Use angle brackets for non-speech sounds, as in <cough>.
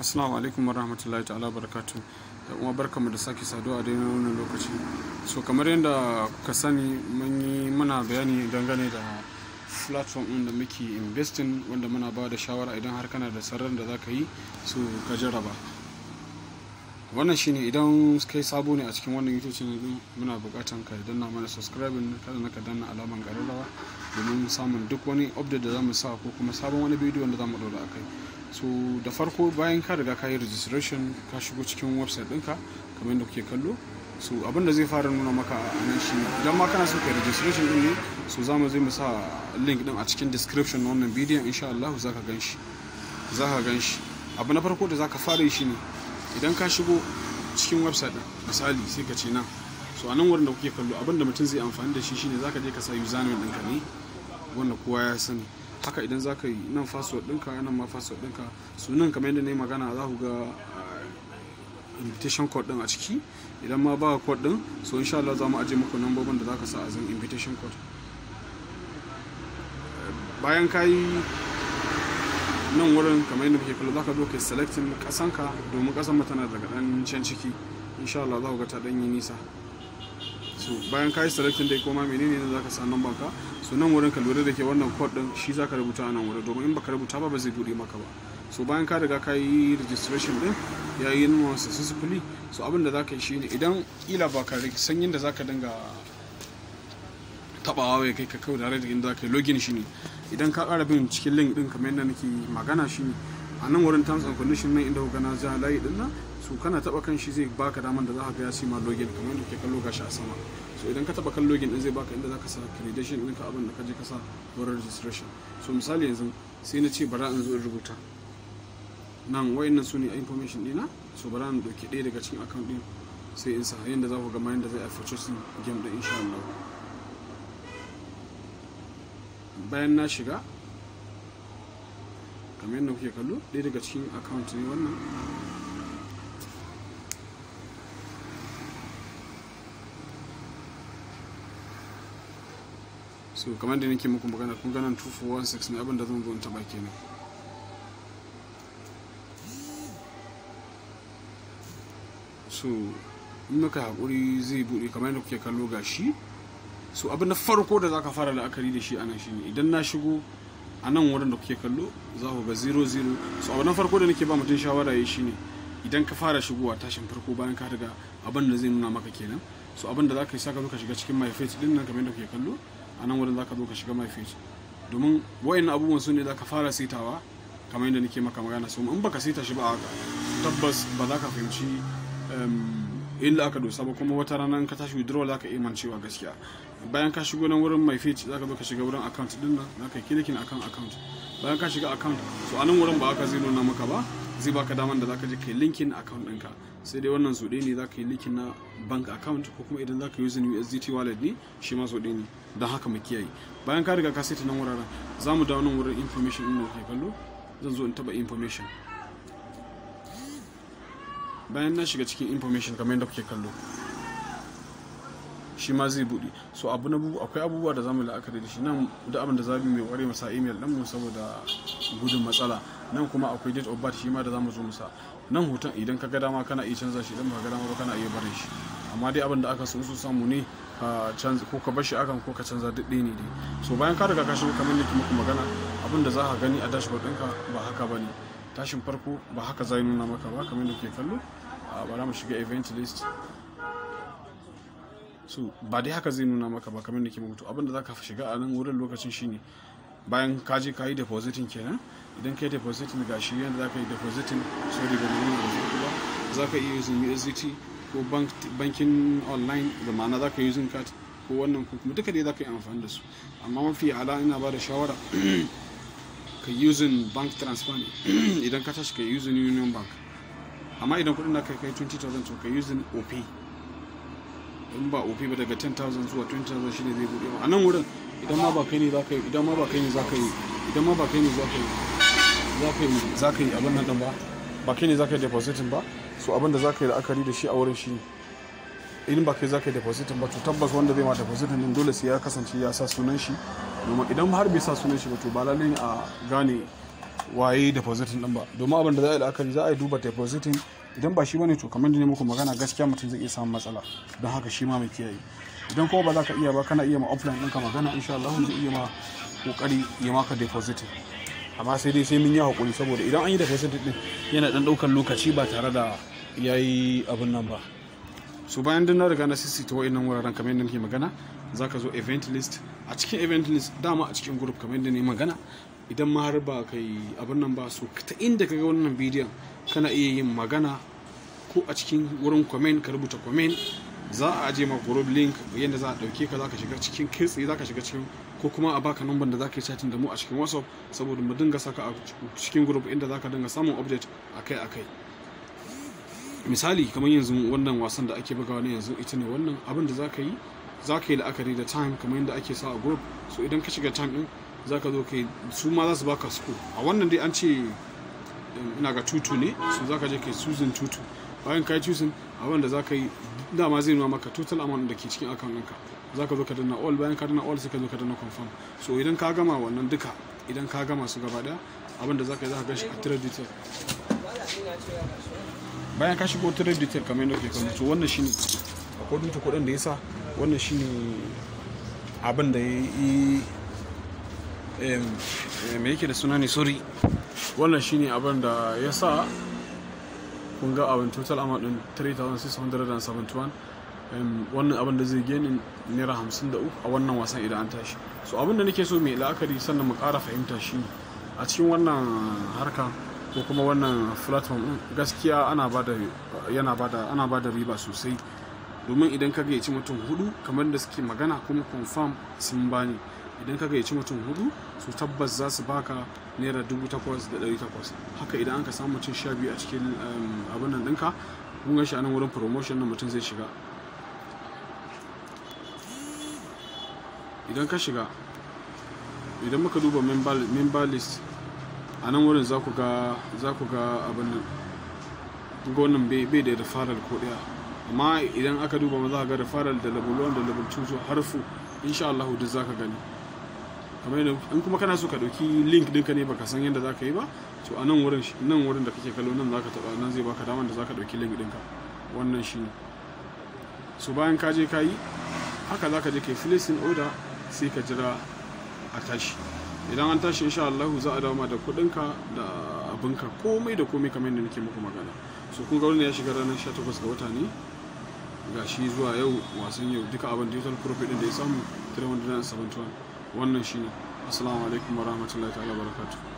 assalamu alaikum warahmatullahi ta'ala barakatu da kuma barkamu da sake saduwa a daina wannan lokaci so kamar yadda kuka sani mun yi muna bayani dangane da platform din da muke investing wanda muna ba da shawara idan har kana da sararin da zaka yi so ka jarraba wannan shine idan kai sabo ne a cikin wannan youtube channel din muna bukatan ka danna mana subscribing kada na ka danna alaman rawa domin samun duk wani update da zamu sa ko kuma sabon wani bidiyo da zamu daura akai so da farko bayan ka riga ka yi registration ka shigo cikin website ɗinka kamar yadda kuke kallo so abinda zai fara nuna maka a nan shi idan ma kana so ka registration din ne so za mu zai mu sa link din a cikin description na wannan bidiyon insha Allah za ka gan shi za ka gan shi abu na farko da za ka fara shi ne idan ka shigo cikin website din misali sai ka ce nan so a nan wurin da kuke kallo abinda mutum zai amfani da shi shine za ka je ka sa username ɗinka ne wanda kowa ya sani haka idan za ka yi nan password ɗinka nan ma password ɗinka sunan kamar yadda na yi magana za ku ga ah, invitation code din a ciki idan ma ba code din so insha Allah za mu aje muku lambobin da za ka sa a zan invitation code bayan ka yi nan wurin kamar yadda muke kula zaka zo kai selecting ƙasanka domin kasan mu tana daga ɗan can ciki insha Allah za ku ga ta dan yi nisa so bayan ka yi selecting dai kuma menene ne zaka sa number ka so nan wurin ka lura da ke wannan code din shi zaka rubuta a nan wurin domin in baka rubuta ba ba zai bude maka ba so bayan ka riga ka yi registration din ya yi nuna successfully so abin da zaka yi shine idan kila ba ka sanyin da zaka dinga tabawa ya kai ka kawai da inda zaka yi login shine idan ka kara bin cikin link din kamar yadda nake magana shine a nan wurin terms and condition nan inda gana na layi din nan su kana taba kan shi zai baka daman da za ka ga ya ce ma login kamar da ke kallo gashi a sama so idan ka taba kan login din zai baka inda za ka sa credential ka abin da ka je ka sa for registration so misali yanzu sai na ce bara in zo in rubuta nan wayannan su ne information dina so bara in doke ɗaya daga cikin account din sai in sa yadda za ku gama yadda zai a purchasing game da insha Allah bayan na shiga kamar yadda kuke kallo ɗaya daga cikin account ne wannan so kamar da nake muku magana kun ganin 2416 ne abin da zan zo in taba kenan so in maka haƙuri zai buɗe kamar yadda kuke kallo ga shi so abin na farko da zaka fara la'akari da shi anan shine idan na shigo a nan wurin da kuke kallo za ku ga 00 so abin na farko da nake ba mutum shawara yi shine idan ka fara shigowa tashin farko bayan ka daga abin da zai nuna maka kenan so abin da zaka yi saka zo ka shiga cikin my face din nan kamar yadda kuke kallo a nan wurin zaka zo ka shiga my domin wa'in abubuwan su ne za ka fara sitawa kamar yadda nake maka magana su in baka sita shi ba haka tabbas ba za ka fahimci ehm, illa aka dosa ba kuma wata rana ka tashi withdrawal ka iya mancewa gaskiya bayan ka shigo nan wurin my za ka zo ka shiga wurin account din nan ka yi kilikin akan account bayan ka shiga account so a nan wurin ba aka zai nuna maka ba zai baka daman da zaka je kai linkin account ɗinka sai dai wannan so ne zaka yi linkin na bank account ko kuma idan zaka yi using USDT wallet ne shi ma so ne don haka mu kiyaye bayan ka riga ka saita nan wuraren za mu dawo nan wurin information ɗin da ke kallo zan zo in taɓa information bayan na shiga cikin information kamar yadda kuke kallo shi ma zai buɗe so abu na akwai abubuwa da za mu la'akari da shi nan duk abin da za yi mai ware masa email ɗin mu saboda gudun matsala nan kuma akwai date of birth shi ma da zamu zo musa nan hoton idan ka ga dama kana iya canza shi idan ba ka ga dama ba kana iya barin shi amma dai abin da aka so su samu ne ko ka bashi akan ko ka canza duk ɗaya ne dai so bayan ka riga ka shigo kamar nake muku magana abin da za ka gani a dashboard ɗinka ba haka ba ne tashin farko ba haka zai nuna maka ba kamar da ke kallo bara mu shiga event list so ba dai haka zai nuna maka ba kamar da ke mutu abin da za ka shiga a nan wurin lokacin shine bayan ka ka yi depositin kenan idan ka yi depositin ga shi yadda za ka yi depositin sorry ba da yi kuma za ka iya using USDT ko bankin online da ma'ana za ka yi using card ko wannan ko kuma duka dai za ka yi amfani da su amma mafi ala ina ba da shawara <clears throat> ka yi using bank transfer ne <clears throat> idan ka tashi ka yi using union bank amma idan kudin da ka kai 20,000 to ka yi using OP in ba OP ba daga 10,000 zuwa 20,000 ne zai buɗe ba a nan wurin idan ma ba kai ne zaka yi idan ma ba kai ne zaka yi idan ma ba kai ne zaka yi zaka yi zaka yi abin nan ba ba kai ne zaka yi depositin ba so abin da zaka yi la'akari da shi a wurin shi ne idan ba kai zaka yi depositin ba to tabbas wanda zai ma depositin din dole sai ya kasance ya sa sunan shi domin idan har bai sa sunan shi ba to ba lalle ne a gane waye depositin din ba domin abin da za a yi la'akari za a yi duba depositin idan ba shi bane to kamar da ne muku magana gaskiya mutum zai iya samun matsala don haka shi ma mai kiyaye idan kuma ba za ka iya ba kana iya ma offline ɗinka magana insha Allah zai iya ma kokari ya maka deposit amma sai dai sai mun yi hakuri saboda idan an yi deposit din yana dan ɗaukar lokaci ba tare da yayi abun nan ba so bayan din na riga na sisi ta wayannan wuraren kamar yadda muke magana zaka zo event list a cikin event list dama a cikin group kamar yadda ne magana idan ma har ba kai abin nan ba so ta inda kaga wannan bidiyon kana iya yin magana ko a cikin wurin comment ka rubuta comment za a aje ma group link yadda za a dauke ka ka shiga cikin kitse ka shiga cikin ko kuma a baka number da za ka yi chatting da mu a cikin WhatsApp saboda mu dinga saka a cikin group inda za ka dinga samun update akai akai misali kamar yanzu wannan wasan da ake bugawa ne yanzu ita ne wannan abin da za ka yi za ka yi la'akari da time kamar yadda ake sa a group so idan ka shiga time din za ka zo kai su ma za su baka sku a wannan dai an ce eh, ina ga tutu ne su za ka je kai susan tutu bayan ka yi tusin abin da za ka yi dama zai nuna maka total amount da ke cikin akan ɗinka za ka zo ka danna all bayan ka danna all sai ka zo ka danna confirm so idan ka gama wannan duka idan ka gama su gaba daya abin da za ka yi za ka gashi a trade detail bayan ka shigo trade detail kamar yadda ke kan to wannan shine akwai dutu kuɗin da ya sa wannan shine abin da ya yi Eh, me yake da suna ne sorry wannan shine abin da ya sa kun ga abin total amount din 3671 wannan abin da zai gani naira 53 a wannan wasan idan an tashi so abin da nake so mai la'akari sannan mu ƙara fahimta shi a cikin wannan harka ko kuma wannan platform din gaskiya ana ba da yana ana riba sosai domin idan ka ci mutum hudu kamar da suke magana kuma confirm sun bani idan ka gayyaci mutum hudu su tabbas za su baka naira dubu takwas da dari takwas haka idan an ka samu mutum sha biyu a cikin um, abin nan ɗinka kun gashi a nan wurin promotion na mutum zai shiga idan ka shiga idan muka duba member list a nan wurin za ku ga abin nan gonan bai da referral ko daya amma idan aka duba ma za ka ga referral da level 1 da level 2 zuwa harfu insha Allah duk za ka gani kamar in kuma kana so ka ɗauki link dinka ne baka san yadda za ka yi ba to a nan wurin nan wurin da kake kallo nan zaka taba nan zai baka damar da za ka ɗauki link dinka wannan shi ne so bayan ka je ka yi haka za ka je kai yi placing order sai ka jira a tashi idan an tashi insha Allah za a dawo ma da kuɗinka da abinka komai da komai kamar yadda nake muku magana so kun ga wannan ya shiga ranar 18 ga wata ne gashi zuwa yau wasan yau duka abin digital profit din da ya samu 371 wannan shi assalamu alaikum rahmatullahi ta'ala barakatuh